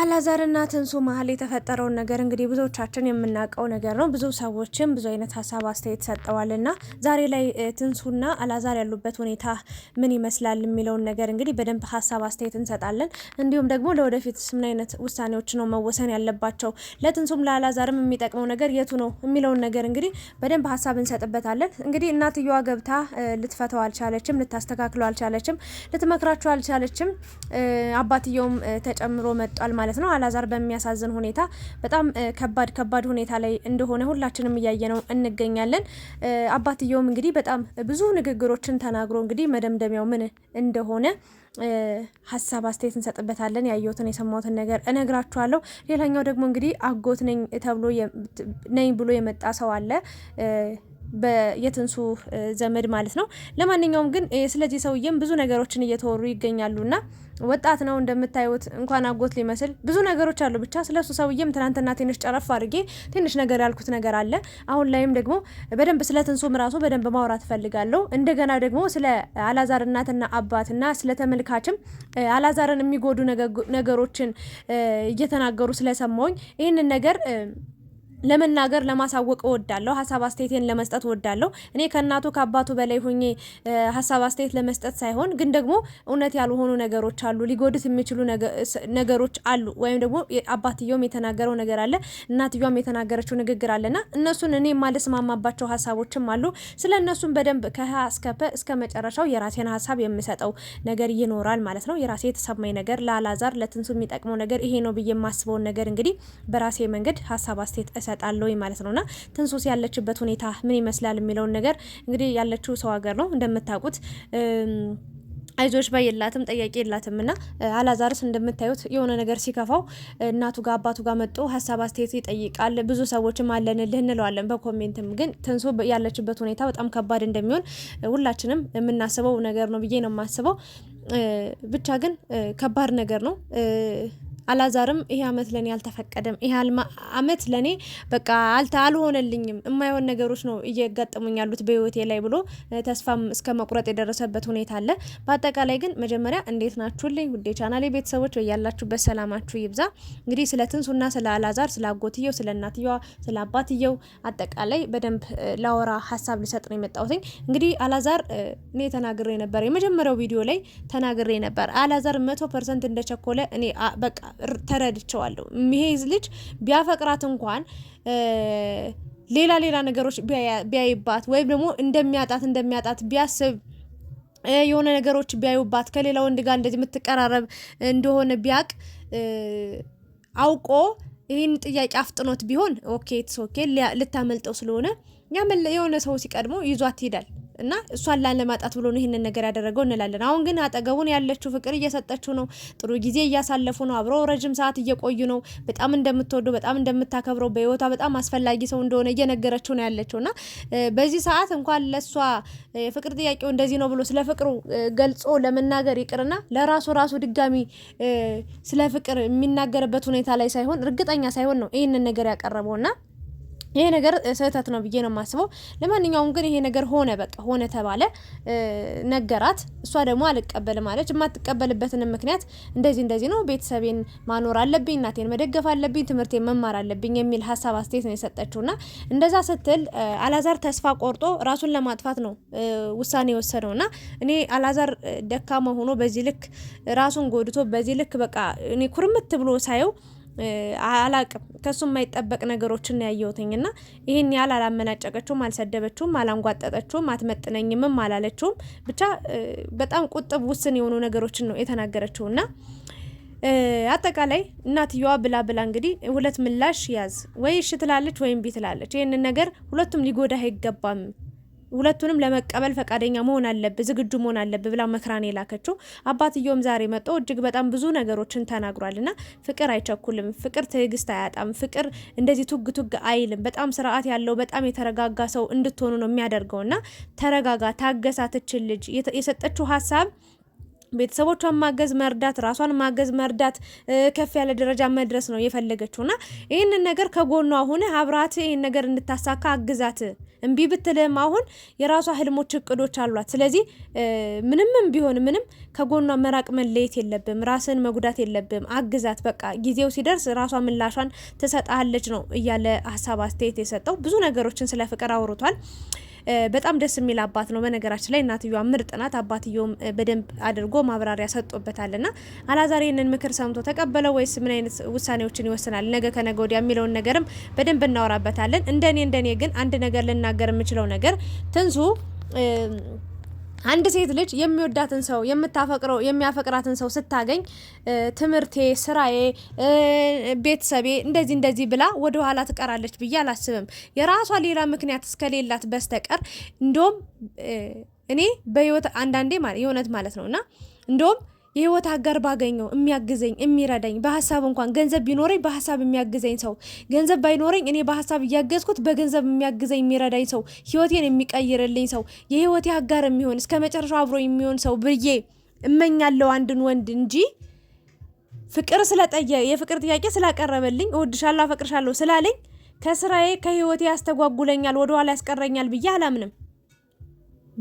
አላዛርና ትንሱ መሀል የተፈጠረውን ነገር እንግዲህ ብዙዎቻችን የምናውቀው ነገር ነው። ብዙ ሰዎችም ብዙ አይነት ሀሳብ አስተያየት ሰጠዋል እና ዛሬ ላይ ትንሱና አላዛር ያሉበት ሁኔታ ምን ይመስላል የሚለውን ነገር እንግዲህ በደንብ ሀሳብ አስተያየት እንሰጣለን። እንዲሁም ደግሞ ለወደፊት ምን አይነት ውሳኔዎች ነው መወሰን ያለባቸው፣ ለትንሱም ለአላዛርም የሚጠቅመው ነገር የቱ ነው የሚለውን ነገር እንግዲህ በደንብ ሀሳብ እንሰጥበታለን። እንግዲህ እናትየዋ ገብታ ልትፈተው አልቻለችም፣ ልታስተካክለው አልቻለችም፣ ልትመክራቸው አልቻለችም። አባትየውም ተጨምሮ መጧል ማለት ማለት ነው። አላዛር በሚያሳዝን ሁኔታ በጣም ከባድ ከባድ ሁኔታ ላይ እንደሆነ ሁላችንም እያየነው እንገኛለን። አባትየውም እንግዲህ በጣም ብዙ ንግግሮችን ተናግሮ እንግዲህ መደምደሚያው ምን እንደሆነ ሀሳብ አስተያየት እንሰጥበታለን። ያየሁትን የሰማሁትን ነገር እነግራችኋለሁ። ሌላኛው ደግሞ እንግዲህ አጎት ነኝ ተብሎ ነኝ ብሎ የመጣ ሰው አለ የትንሱ ዘመድ ማለት ነው። ለማንኛውም ግን ስለዚህ ሰውዬም ብዙ ነገሮችን እየተወሩ ይገኛሉና ወጣት ነው እንደምታዩት፣ እንኳን አጎት ሊመስል ብዙ ነገሮች አሉ። ብቻ ስለሱ ሰውዬም ትናንትና ትንሽ ጨረፍ አድርጌ ትንሽ ነገር ያልኩት ነገር አለ። አሁን ላይም ደግሞ በደንብ ስለ ትንሱም ራሱ በደንብ ማውራት ፈልጋለሁ። እንደገና ደግሞ ስለ አላዛር እናትና አባትና ስለ ተመልካችም አላዛርን የሚጎዱ ነገሮችን እየተናገሩ ስለሰማውኝ ይህንን ነገር ለመናገር ለማሳወቅ እወዳለሁ። ሀሳብ አስተያየቴን ለመስጠት እወዳለሁ። እኔ ከእናቱ ከአባቱ በላይ ሆኜ ሀሳብ አስተያየት ለመስጠት ሳይሆን ግን ደግሞ እውነት ያልሆኑ ነገሮች አሉ፣ ሊጎዱት የሚችሉ ነገሮች አሉ። ወይም ደግሞ አባትየውም የተናገረው ነገር አለ፣ እናትየውም የተናገረችው ንግግር አለና እነሱን እኔ የማልስማማባቸው ሀሳቦችም አሉ። ስለ እነሱም በደንብ ከሀ እስከ ፐ እስከ መጨረሻው የራሴን ሀሳብ የምሰጠው ነገር ይኖራል ማለት ነው። የራሴ የተሰማኝ ነገር ለአላዛር ለትንሱ የሚጠቅመው ነገር ይሄ ነው ብዬ የማስበውን ነገር እንግዲህ በራሴ መንገድ ሀሳብ አስተያየት እሰጣለሁ ማለት ነውና ትንሱስ ያለችበት ሁኔታ ምን ይመስላል የሚለውን ነገር እንግዲህ ያለችው ሰው ሀገር ነው እንደምታውቁት አይዞች ባይ የላትም ጠያቂ የላትም። እና አላዛርስ እንደምታዩት የሆነ ነገር ሲከፋው እናቱ ጋር አባቱ ጋር መጦ ሀሳብ አስተያየት ይጠይቃል። ብዙ ሰዎችም አለንልህ እንለዋለን በኮሜንትም። ግን ትንሶ ያለችበት ሁኔታ በጣም ከባድ እንደሚሆን ሁላችንም የምናስበው ነገር ነው ብዬ ነው የማስበው። ብቻ ግን ከባድ ነገር ነው። አላዛርም ይሄ አመት ለእኔ አልተፈቀደም፣ ይሄ አመት ለእኔ በቃ አልሆነልኝም፣ የማይሆን ነገሮች ነው እየጋጠሙኝ ያሉት በህይወቴ ላይ ብሎ ተስፋም እስከ መቁረጥ የደረሰበት ሁኔታ አለ። በአጠቃላይ ግን መጀመሪያ እንዴት ናችሁልኝ ውዴ ቻናሌ ቤተሰቦች፣ በያላችሁበት ሰላማችሁ ይብዛ። እንግዲህ ስለ ትንሱና ስለ አላዛር፣ ስለ አጎትየው፣ ስለ እናትየዋ፣ ስለ አባትየው አጠቃላይ በደንብ ላወራ ሀሳብ ሊሰጥ ነው የመጣሁትኝ። እንግዲህ አላዛር እኔ ተናግሬ ነበር፣ የመጀመሪያው ቪዲዮ ላይ ተናግሬ ነበር። አላዛር መቶ ፐርሰንት እንደቸኮለ እኔ በቃ ተረድቸዋለሁ። ይሄ ልጅ ቢያፈቅራት እንኳን ሌላ ሌላ ነገሮች ቢያይባት ወይም ደግሞ እንደሚያጣት እንደሚያጣት ቢያስብ የሆነ ነገሮች ቢያዩባት ከሌላ ወንድ ጋር እንደዚህ የምትቀራረብ እንደሆነ ቢያቅ አውቆ ይህን ጥያቄ አፍጥኖት ቢሆን ኦኬ ትስ ኦኬ ልታመልጠው ስለሆነ የሆነ ሰው ሲቀድሞ ይዟት ይሄዳል። እና እሷን ለማጣት ብሎ ነው ይህንን ነገር ያደረገው እንላለን። አሁን ግን አጠገቡን ያለችው ፍቅር እየሰጠችው ነው። ጥሩ ጊዜ እያሳለፉ ነው። አብረው ረጅም ሰዓት እየቆዩ ነው። በጣም እንደምትወደው በጣም እንደምታከብረው በህይወቷ በጣም አስፈላጊ ሰው እንደሆነ እየነገረችው ነው ያለችው እና በዚህ ሰዓት እንኳን ለእሷ ፍቅር ጥያቄው እንደዚህ ነው ብሎ ስለ ፍቅሩ ገልጾ ለመናገር ይቅርና ለራሱ ራሱ ድጋሚ ስለ ፍቅር የሚናገርበት ሁኔታ ላይ ሳይሆን እርግጠኛ ሳይሆን ነው ይህንን ነገር ያቀረበውና ይሄ ነገር ስህተት ነው ብዬ ነው የማስበው። ለማንኛውም ግን ይሄ ነገር ሆነ፣ በቃ ሆነ ተባለ፣ ነገራት። እሷ ደግሞ አልቀበልም አለች። የማትቀበልበትን ምክንያት እንደዚህ እንደዚህ ነው፣ ቤተሰቤን ማኖር አለብኝ፣ እናቴን መደገፍ አለብኝ፣ ትምህርቴን መማር አለብኝ የሚል ሀሳብ አስተያየት ነው የሰጠችው። እና እንደዛ ስትል አላዛር ተስፋ ቆርጦ ራሱን ለማጥፋት ነው ውሳኔ የወሰደው። ና እኔ አላዛር ደካማ ሆኖ በዚህ ልክ ራሱን ጎድቶ በዚህ ልክ በቃ እኔ ኩርምት ብሎ ሳየው አላቅም ከሱ የማይጠበቅ ነገሮችን ያየሁትኝ እና ይህን ያህል አላመናጨቀችውም፣ አልሰደበችውም፣ አላንጓጠጠችውም፣ አትመጥነኝምም አላለችውም። ብቻ በጣም ቁጥብ ውስን የሆኑ ነገሮችን ነው የተናገረችው እና አጠቃላይ እናትየዋ ብላ ብላ እንግዲህ ሁለት ምላሽ ያዝ ወይ እሺ ትላለች ወይም ቢ ትላለች። ይህንን ነገር ሁለቱም ሊጎዳህ አይገባም። ሁለቱንም ለመቀበል ፈቃደኛ መሆን አለብ ዝግጁ መሆን አለብ ብላ መክራን የላከችው። አባትየውም ዛሬ መጠው እጅግ በጣም ብዙ ነገሮችን ተናግሯል እና ፍቅር አይቸኩልም፣ ፍቅር ትዕግስት አያጣም፣ ፍቅር እንደዚህ ቱግ ቱግ አይልም። በጣም ስርዓት ያለው በጣም የተረጋጋ ሰው እንድትሆኑ ነው የሚያደርገው እና ተረጋጋ፣ ታገሳትችን ልጅ የሰጠችው ሀሳብ ቤተሰቦቿን ማገዝ መርዳት፣ ራሷን ማገዝ መርዳት፣ ከፍ ያለ ደረጃ መድረስ ነው የፈለገችው እና ይህንን ነገር ከጎኗ ሆነ አብራት ይህን ነገር እንድታሳካ አግዛት። እምቢ ብትልም አሁን የራሷ ህልሞች፣ እቅዶች አሏት። ስለዚህ ምንም ቢሆን ምንም ከጎኗ መራቅ መለየት የለብም፣ ራስን መጉዳት የለብም። አግዛት። በቃ ጊዜው ሲደርስ ራሷ ምላሿን ትሰጣለች ነው እያለ ሀሳብ አስተያየት የሰጠው ብዙ ነገሮችን ስለ ፍቅር አውርቷል። በጣም ደስ የሚል አባት ነው። በነገራችን ላይ እናትየዋ ምርጥ ናት። አባትየውም በደንብ አድርጎ ማብራሪያ ሰጥቶበታል። ና አላዛር ይህንን ምክር ሰምቶ ተቀበለው ወይስ ምን አይነት ውሳኔዎችን ይወስናል ነገ ከነገ ወዲያ የሚለውን ነገርም በደንብ እናወራበታለን። እንደኔ እንደኔ ግን አንድ ነገር ልናገር የምችለው ነገር ትንሱ አንድ ሴት ልጅ የሚወዳትን ሰው የምታፈቅረው የሚያፈቅራትን ሰው ስታገኝ ትምህርቴ፣ ስራዬ፣ ቤተሰቤ እንደዚህ እንደዚህ ብላ ወደ ኋላ ትቀራለች ብዬ አላስብም። የራሷ ሌላ ምክንያት እስከሌላት በስተቀር እንደውም እኔ በህይወት አንዳንዴ የእውነት ማለት ነው እና እንደውም የህይወት አጋር ባገኘው የሚያግዘኝ የሚረዳኝ በሀሳብ እንኳን ገንዘብ ቢኖረኝ በሀሳብ የሚያግዘኝ ሰው፣ ገንዘብ ባይኖረኝ እኔ በሀሳብ እያገዝኩት በገንዘብ የሚያግዘኝ የሚረዳኝ ሰው፣ ህይወቴን የሚቀይርልኝ ሰው፣ የህይወቴ አጋር የሚሆን እስከ መጨረሻው አብሮ የሚሆን ሰው ብዬ እመኛለው አንድን ወንድ እንጂ ፍቅር ስለጠየ የፍቅር ጥያቄ ስላቀረበልኝ እወድሻለሁ አፈቅርሻለሁ ስላለኝ ከስራዬ ከህይወቴ ያስተጓጉለኛል ወደኋላ ያስቀረኛል ብዬ አላምንም።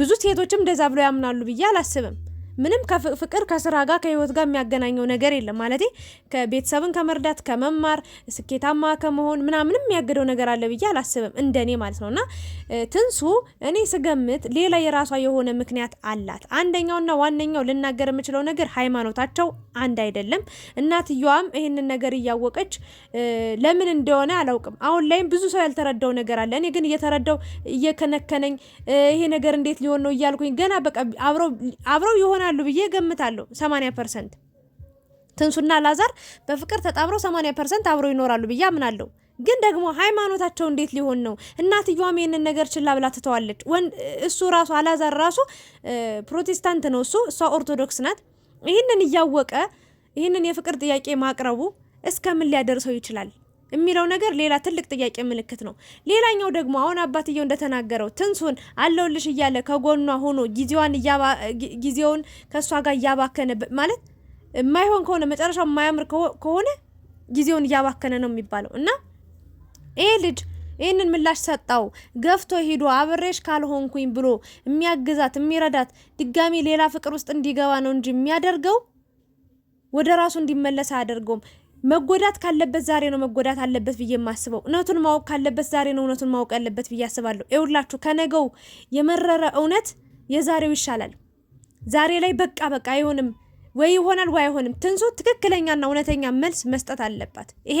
ብዙ ሴቶችም እንደዛ ብለው ያምናሉ ብዬ አላስብም። ምንም ፍቅር ከስራ ጋር ከህይወት ጋር የሚያገናኘው ነገር የለም። ማለት ከቤተሰብን ከመርዳት ከመማር ስኬታማ ከመሆን ምናምንም የሚያግደው ነገር አለ ብዬ አላስብም፣ እንደኔ ማለት ነው። እና ትንሱ እኔ ስገምት ሌላ የራሷ የሆነ ምክንያት አላት። አንደኛውና ዋነኛው ልናገር የምችለው ነገር ሃይማኖታቸው አንድ አይደለም። እናትየዋም ይህንን ነገር እያወቀች ለምን እንደሆነ አላውቅም። አሁን ላይም ብዙ ሰው ያልተረዳው ነገር አለ። እኔ ግን እየተረዳው እየከነከነኝ ይሄ ነገር እንዴት ሊሆን ነው እያልኩኝ ገና በቃ አብረው የሆነ። ይሆናሉ ብዬ ገምታለሁ። 80 ፐርሰንት ትንሱና ላዛር በፍቅር ተጣምረው 80 ፐርሰንት አብረው ይኖራሉ ብዬ አምናለሁ። ግን ደግሞ ሃይማኖታቸው እንዴት ሊሆን ነው? እናትየዋም ይህንን ነገር ችላ ብላ ትተዋለች። እሱ ራሱ አላዛር ራሱ ፕሮቴስታንት ነው እሱ፣ እሷ ኦርቶዶክስ ናት። ይህንን እያወቀ ይህንን የፍቅር ጥያቄ ማቅረቡ እስከምን ሊያደርሰው ይችላል? የሚለው ነገር ሌላ ትልቅ ጥያቄ ምልክት ነው። ሌላኛው ደግሞ አሁን አባትየው እንደተናገረው ትንሱን አለውልሽ እያለ ከጎኗ ሆኖ ጊዜዋን ጊዜውን ከእሷ ጋር እያባከነ ማለት የማይሆን ከሆነ መጨረሻው የማያምር ከሆነ ጊዜውን እያባከነ ነው የሚባለው እና ይህ ልጅ ይህንን ምላሽ ሰጣው። ገፍቶ ሄዶ አብሬሽ ካልሆንኩኝ ብሎ የሚያግዛት የሚረዳት ድጋሚ ሌላ ፍቅር ውስጥ እንዲገባ ነው እንጂ የሚያደርገው ወደ ራሱ እንዲመለስ አያደርገውም። መጎዳት ካለበት ዛሬ ነው መጎዳት አለበት ብዬ የማስበው። እውነቱን ማወቅ ካለበት ዛሬ ነው እውነቱን ማወቅ ያለበት ብዬ አስባለሁ። ይውላችሁ ከነገው የመረረ እውነት የዛሬው ይሻላል። ዛሬ ላይ በቃ በቃ አይሆንም ወይ ይሆናል ወይ አይሆንም። ትንሶ ትክክለኛና እውነተኛ መልስ መስጠት አለባት። ይሄ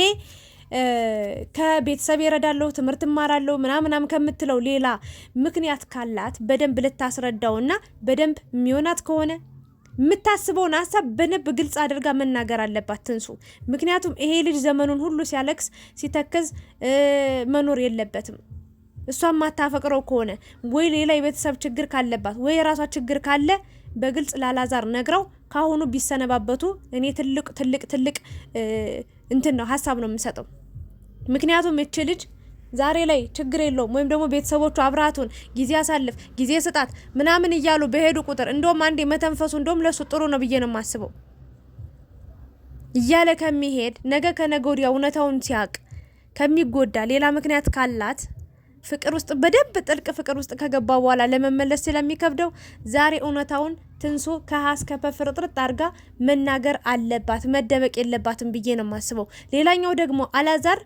ከቤተሰብ ይረዳለሁ ትምህርት እማራለሁ ምናምናም ከምትለው ሌላ ምክንያት ካላት በደንብ ልታስረዳውና በደንብ የሚሆናት ከሆነ የምታስበውን ሀሳብ በነብ ግልጽ አድርጋ መናገር አለባት ትንሱ። ምክንያቱም ይሄ ልጅ ዘመኑን ሁሉ ሲያለቅስ ሲተከዝ መኖር የለበትም። እሷ ማታፈቅረው ከሆነ ወይ ሌላ የቤተሰብ ችግር ካለባት ወይ የራሷ ችግር ካለ በግልጽ ላላዛር ነግረው ካሁኑ ቢሰነባበቱ እኔ ትልቅ ትልቅ ትልቅ እንትን ነው ሀሳብ ነው የምሰጠው። ምክንያቱም ይቺ ልጅ ዛሬ ላይ ችግር የለውም ወይም ደግሞ ቤተሰቦቹ አብራቱን ጊዜ አሳልፍ ጊዜ ስጣት ምናምን እያሉ በሄዱ ቁጥር እንደውም አንዴ መተንፈሱ እንደውም ለሱ ጥሩ ነው ብዬ ነው የማስበው እያለ ከሚሄድ ነገ ከነገ ወዲያ እውነታውን ሲያቅ ከሚጎዳ ሌላ ምክንያት ካላት ፍቅር ውስጥ በደንብ ጥልቅ ፍቅር ውስጥ ከገባ በኋላ ለመመለስ ስለሚከብደው ዛሬ እውነታውን ትንሱ ከሀ ከፈፍርጥርጥ አድርጋ መናገር አለባት። መደበቅ የለባትም ብዬ ነው የማስበው። ሌላኛው ደግሞ አላዛር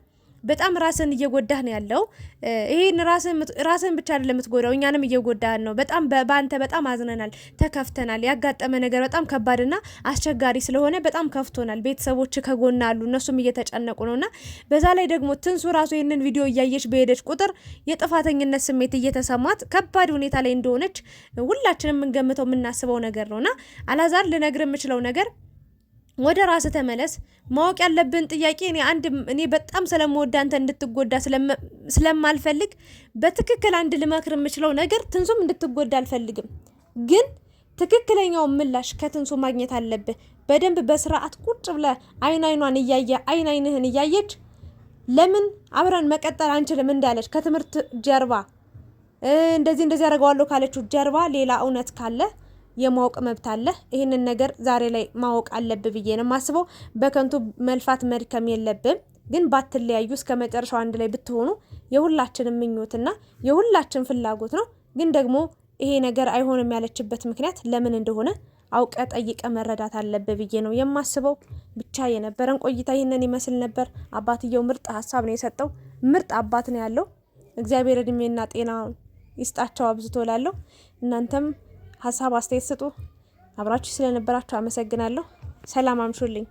በጣም ራስን እየጎዳህ ነው ያለው። ይሄን ራስን ብቻ አይደለም የምትጎዳው፣ እኛንም እየጎዳህን ነው። በጣም በአንተ በጣም አዝነናል፣ ተከፍተናል። ያጋጠመ ነገር በጣም ከባድና አስቸጋሪ ስለሆነ በጣም ከፍቶናል። ቤተሰቦች ከጎና አሉ፣ እነሱም እየተጨነቁ ነውና በዛ ላይ ደግሞ ትንሱ ራሱ ይህንን ቪዲዮ እያየች በሄደች ቁጥር የጥፋተኝነት ስሜት እየተሰማት ከባድ ሁኔታ ላይ እንደሆነች ሁላችንም የምንገምተው የምናስበው ነገር ነውና አላዛር ልነግር የምችለው ነገር ወደ ራስ ተመለስ። ማወቅ ያለብን ጥያቄ እኔ አንድ እኔ በጣም ስለምወድ አንተ እንድትጎዳ ስለማልፈልግ በትክክል አንድ ልመክር የምችለው ነገር ትንሱም እንድትጎዳ አልፈልግም፣ ግን ትክክለኛው ምላሽ ከትንሱ ማግኘት አለብህ። በደንብ በስርዓት ቁጭ ብለ አይን አይኗን እያየ አይን አይንህን እያየች ለምን አብረን መቀጠል አንችልም እንዳለች ከትምህርት ጀርባ እንደዚህ እንደዚህ ያደርገዋለሁ ካለችው ጀርባ ሌላ እውነት ካለ የማወቅ መብት አለ። ይህንን ነገር ዛሬ ላይ ማወቅ አለብ ብዬ ነው ማስበው በከንቱ መልፋት መድከም የለብም። ግን ባትለያዩ እስከ መጨረሻው አንድ ላይ ብትሆኑ የሁላችንም ምኞትና የሁላችን ፍላጎት ነው። ግን ደግሞ ይሄ ነገር አይሆንም ያለችበት ምክንያት ለምን እንደሆነ አውቀ ጠይቀ መረዳት አለብህ ብዬ ነው የማስበው። ብቻ የነበረን ቆይታ ይህንን ይመስል ነበር። አባትየው ምርጥ ሀሳብ ነው የሰጠው። ምርጥ አባት ነው ያለው። እግዚአብሔር እድሜና ጤና ይስጣቸው አብዝቶ እናንተም ሀሳብ አስተያየት ስጡ። አብራችሁ ስለነበራችሁ አመሰግናለሁ። ሰላም አምሹልኝ።